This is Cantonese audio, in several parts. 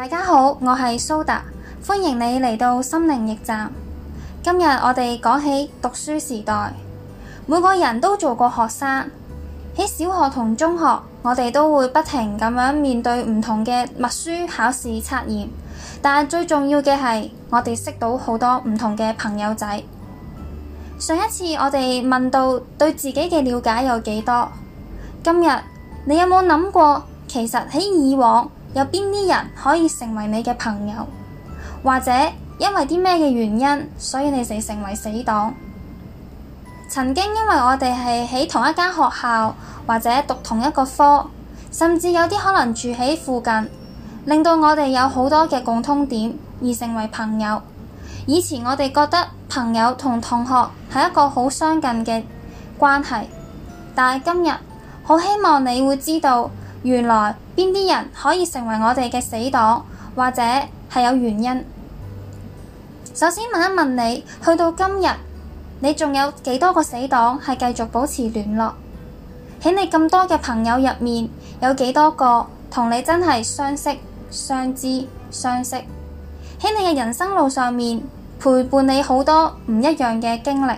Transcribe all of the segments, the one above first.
大家好，我係蘇達，歡迎你嚟到心靈驛站。今日我哋講起讀書時代，每個人都做過學生，喺小學同中學，我哋都會不停咁樣面對唔同嘅默書、考試、測驗。但係最重要嘅係，我哋識到好多唔同嘅朋友仔。上一次我哋問到對自己嘅了解有幾多，今日你有冇諗過，其實喺以往，有邊啲人可以成為你嘅朋友，或者因為啲咩嘅原因，所以你哋成為死黨？曾經因為我哋係喺同一間學校，或者讀同一個科，甚至有啲可能住喺附近，令到我哋有好多嘅共通點而成為朋友。以前我哋覺得朋友同同學係一個好相近嘅關係，但係今日，好希望你會知道。原來邊啲人可以成為我哋嘅死黨，或者係有原因？首先問一問你，去到今日，你仲有幾多個死黨係繼續保持聯絡？喺你咁多嘅朋友入面，有幾多個同你真係相識、相知、相識？喺你嘅人生路上面，陪伴你好多唔一樣嘅經歷，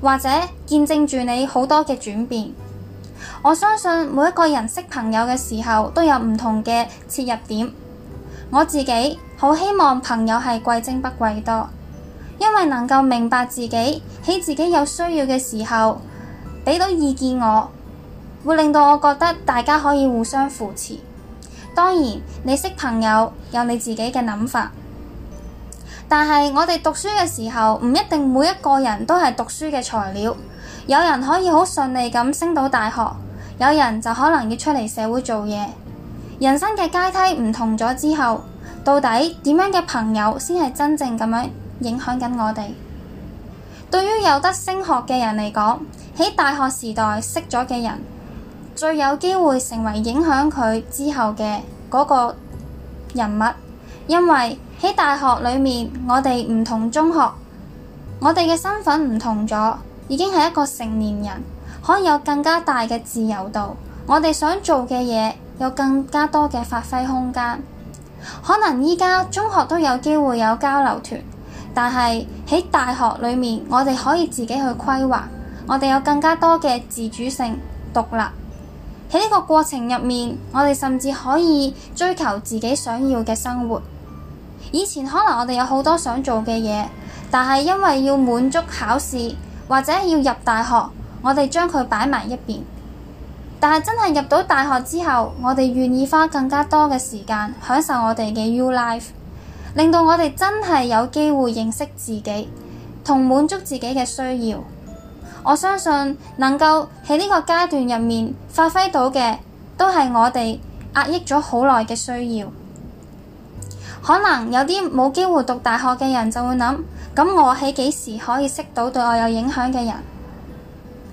或者見證住你好多嘅轉變。我相信每一個人識朋友嘅時候都有唔同嘅切入點。我自己好希望朋友係貴精不貴多，因為能夠明白自己喺自己有需要嘅時候畀到意見我，我會令到我覺得大家可以互相扶持。當然，你識朋友有你自己嘅諗法。但係我哋讀書嘅時候，唔一定每一個人都係讀書嘅材料。有人可以好順利咁升到大學，有人就可能要出嚟社會做嘢。人生嘅階梯唔同咗之後，到底點樣嘅朋友先係真正咁樣影響緊我哋？對於有得升學嘅人嚟講，喺大學時代識咗嘅人，最有機會成為影響佢之後嘅嗰個人物。因為喺大學裏面，我哋唔同中學，我哋嘅身份唔同咗，已經係一個成年人，可以有更加大嘅自由度，我哋想做嘅嘢有更加多嘅發揮空間。可能而家中學都有機會有交流團，但係喺大學裏面，我哋可以自己去規劃，我哋有更加多嘅自主性、獨立。喺呢個過程入面，我哋甚至可以追求自己想要嘅生活。以前可能我哋有好多想做嘅嘢，但係因為要滿足考試，或者要入大學，我哋將佢擺埋一邊。但係真係入到大學之後，我哋願意花更加多嘅時間享受我哋嘅 U life，令到我哋真係有機會認識自己，同滿足自己嘅需要。我相信能夠喺呢個階段入面發揮到嘅，都係我哋壓抑咗好耐嘅需要。可能有啲冇機會讀大學嘅人就會諗：「咁我喺幾時可以識到對我有影響嘅人？」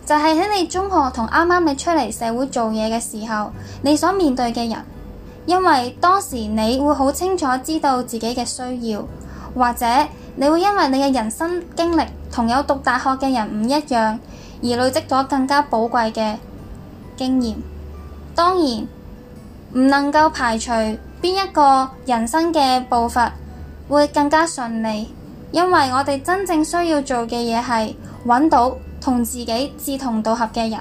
就係喺你中學同啱啱你出嚟社會做嘢嘅時候，你所面對嘅人，因為當時你會好清楚知道自己嘅需要，或者你會因為你嘅人生經歷。同有讀大學嘅人唔一樣，而累積咗更加寶貴嘅經驗。當然唔能夠排除邊一個人生嘅步伐會更加順利，因為我哋真正需要做嘅嘢係揾到同自己志同道合嘅人。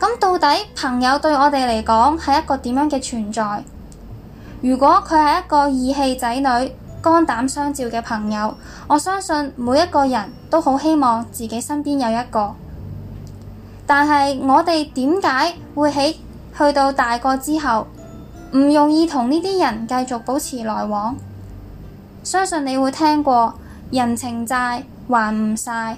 咁到底朋友對我哋嚟講係一個點樣嘅存在？如果佢係一個義氣仔女？肝膽相照嘅朋友，我相信每一個人都好希望自己身邊有一個。但係我哋點解會喺去到大個之後，唔容易同呢啲人繼續保持來往？相信你會聽過人情債還唔晒。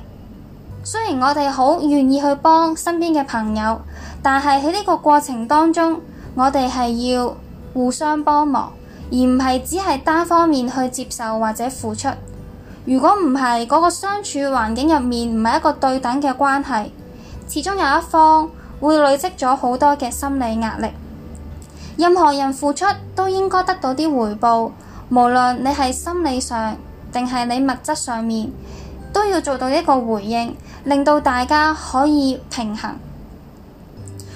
雖然我哋好願意去幫身邊嘅朋友，但係喺呢個過程當中，我哋係要互相幫忙。而唔係只係單方面去接受或者付出。如果唔係嗰個相處環境入面唔係一個對等嘅關係，始終有一方會累積咗好多嘅心理壓力。任何人付出都應該得到啲回報，無論你係心理上定係你物質上面，都要做到一個回應，令到大家可以平衡。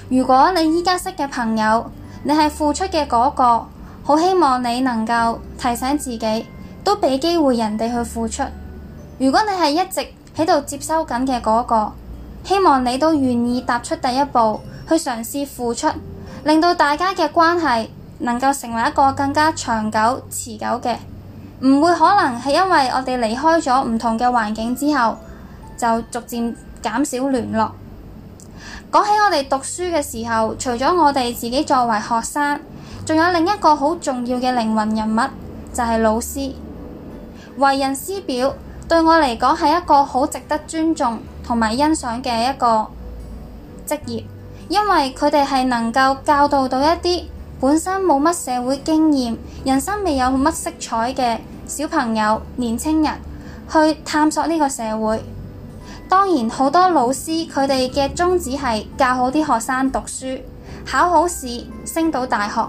如果你而家識嘅朋友，你係付出嘅嗰個。好希望你能夠提醒自己，都畀機會人哋去付出。如果你係一直喺度接收緊嘅嗰個，希望你都願意踏出第一步，去嘗試付出，令到大家嘅關係能夠成為一個更加長久持久嘅，唔會可能係因為我哋離開咗唔同嘅環境之後，就逐漸減少聯絡。講起我哋讀書嘅時候，除咗我哋自己作為學生。仲有另一個好重要嘅靈魂人物，就係老師，為人師表，對我嚟講係一個好值得尊重同埋欣賞嘅一個職業，因為佢哋係能夠教導到一啲本身冇乜社會經驗、人生未有乜色彩嘅小朋友、年輕人去探索呢個社會。當然，好多老師佢哋嘅宗旨係教好啲學生讀書，考好試，升到大學。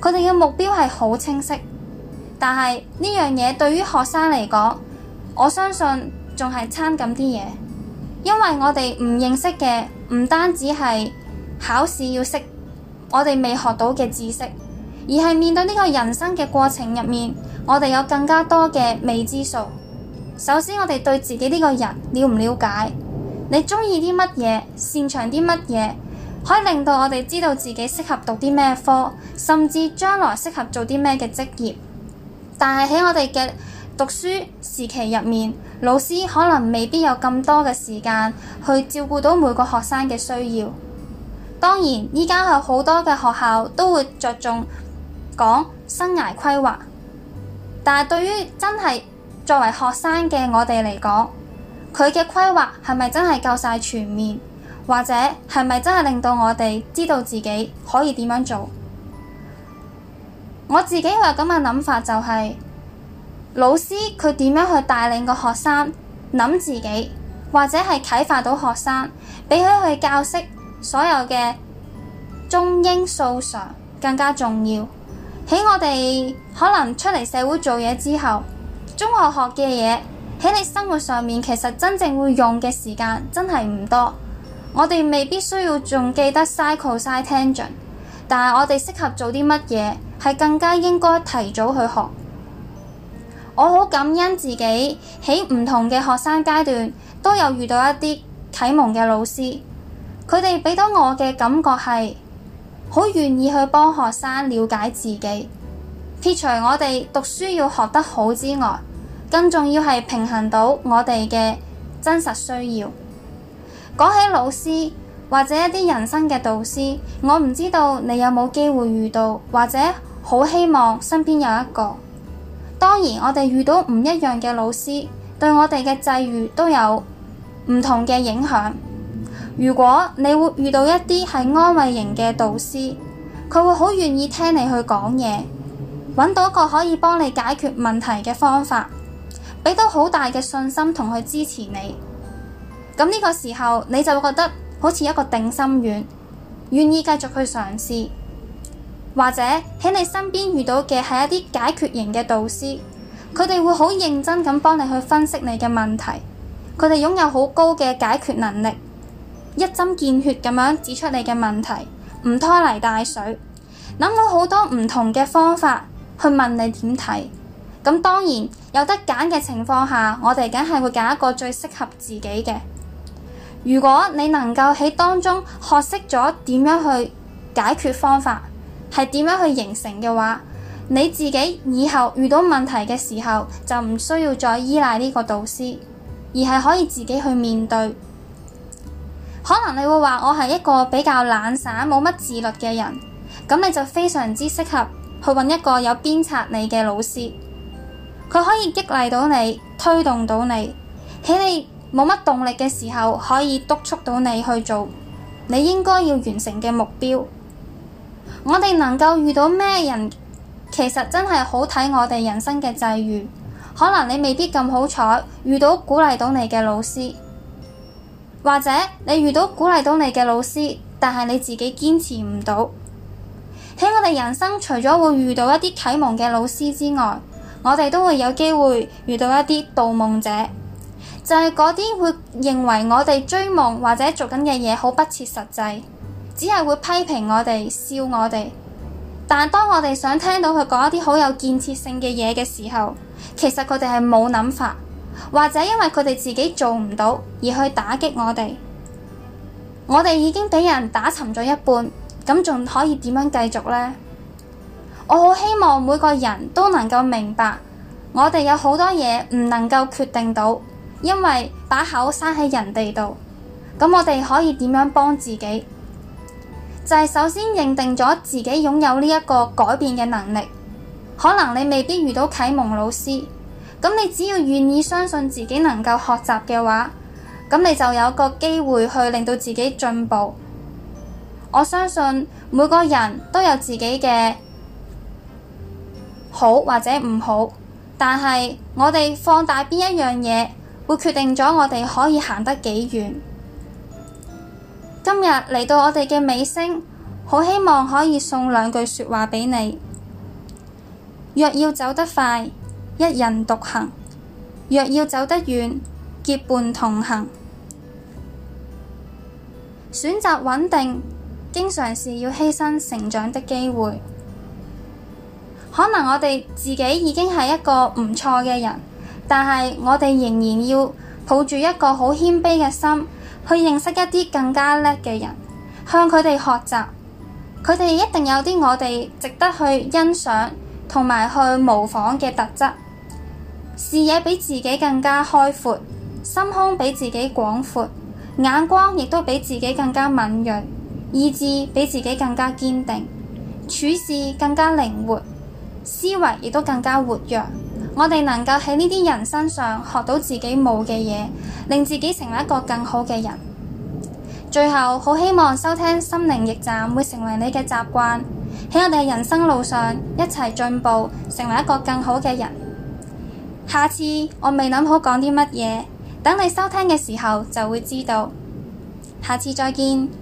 佢哋嘅目標係好清晰，但係呢樣嘢對於學生嚟講，我相信仲係差咁啲嘢，因為我哋唔認識嘅唔單止係考試要識，我哋未學到嘅知識，而係面對呢個人生嘅過程入面，我哋有更加多嘅未知數。首先，我哋對自己呢個人了唔了解？你鍾意啲乜嘢？擅長啲乜嘢？可以令到我哋知道自己適合讀啲咩科，甚至將來適合做啲咩嘅職業。但係喺我哋嘅讀書時期入面，老師可能未必有咁多嘅時間去照顧到每個學生嘅需要。當然，而家有好多嘅學校都會着重講生涯規劃，但係對於真係作為學生嘅我哋嚟講，佢嘅規劃係咪真係夠晒全面？或者係咪真係令到我哋知道自己可以點樣做？我自己話咁嘅諗法就係老師佢點樣去帶領個學生諗自己，或者係啟發到學生，比起去教識所有嘅中英數常更加重要。喺我哋可能出嚟社會做嘢之後，中學學嘅嘢喺你生活上面其實真正會用嘅時間真係唔多。我哋未必需要仲記得 cycle side tension，但係我哋適合做啲乜嘢，係更加應該提早去學。我好感恩自己喺唔同嘅學生階段都有遇到一啲啟蒙嘅老師，佢哋畀到我嘅感覺係好願意去幫學生了解自己，撇除我哋讀書要學得好之外，更重要係平衡到我哋嘅真實需要。講起老師，或者一啲人生嘅導師，我唔知道你有冇機會遇到，或者好希望身邊有一個。當然，我哋遇到唔一樣嘅老師，對我哋嘅際遇都有唔同嘅影響。如果你會遇到一啲係安慰型嘅導師，佢會好願意聽你去講嘢，搵到一個可以幫你解決問題嘅方法，畀到好大嘅信心同去支持你。咁呢個時候你就會覺得好似一個定心丸，願意繼續去嘗試，或者喺你身邊遇到嘅係一啲解決型嘅導師，佢哋會好認真咁幫你去分析你嘅問題，佢哋擁有好高嘅解決能力，一針見血咁樣指出你嘅問題，唔拖泥帶水，諗到好多唔同嘅方法去問你點睇。咁當然有得揀嘅情況下，我哋梗係會揀一個最適合自己嘅。如果你能夠喺當中學識咗點樣去解決方法，係點樣去形成嘅話，你自己以後遇到問題嘅時候，就唔需要再依賴呢個導師，而係可以自己去面對。可能你會話我係一個比較懶散、冇乜自律嘅人，咁你就非常之適合去揾一個有鞭策你嘅老師，佢可以激勵到你，推動到你，喺你，冇乜動力嘅時候，可以督促到你去做你應該要完成嘅目標。我哋能夠遇到咩人，其實真係好睇我哋人生嘅際遇。可能你未必咁好彩遇到鼓勵到你嘅老師，或者你遇到鼓勵到你嘅老師，但係你自己堅持唔到。喺我哋人生，除咗會遇到一啲啟蒙嘅老師之外，我哋都會有機會遇到一啲盜夢者。就係嗰啲會認為我哋追夢或者做緊嘅嘢好不切實際，只係會批評我哋，笑我哋。但係當我哋想聽到佢講一啲好有建設性嘅嘢嘅時候，其實佢哋係冇諗法，或者因為佢哋自己做唔到而去打擊我哋。我哋已經畀人打沉咗一半，咁仲可以點樣繼續呢？我好希望每個人都能夠明白，我哋有好多嘢唔能夠決定到。因為把口生喺人哋度，咁我哋可以點樣幫自己？就係首先認定咗自己擁有呢一個改變嘅能力。可能你未必遇到啟蒙老師，咁你只要願意相信自己能夠學習嘅話，咁你就有個機會去令到自己進步。我相信每個人都有自己嘅好或者唔好，但係我哋放大邊一樣嘢？會決定咗我哋可以行得幾遠。今日嚟到我哋嘅尾聲，好希望可以送兩句說話畀你。若要走得快，一人獨行；若要走得遠，結伴同行。選擇穩定，經常是要犧牲成長的機會。可能我哋自己已經係一個唔錯嘅人。但係我哋仍然要抱住一個好謙卑嘅心，去認識一啲更加叻嘅人，向佢哋學習。佢哋一定有啲我哋值得去欣賞同埋去模仿嘅特質，視野比自己更加開闊，心胸比自己廣闊，眼光亦都比自己更加敏銳，意志比自己更加堅定，處事更加靈活，思維亦都更加活躍。我哋能夠喺呢啲人身上學到自己冇嘅嘢，令自己成為一個更好嘅人。最後，好希望收聽《心靈驛站》會成為你嘅習慣，喺我哋嘅人生路上一齊進步，成為一個更好嘅人。下次我未諗好講啲乜嘢，等你收聽嘅時候就會知道。下次再見。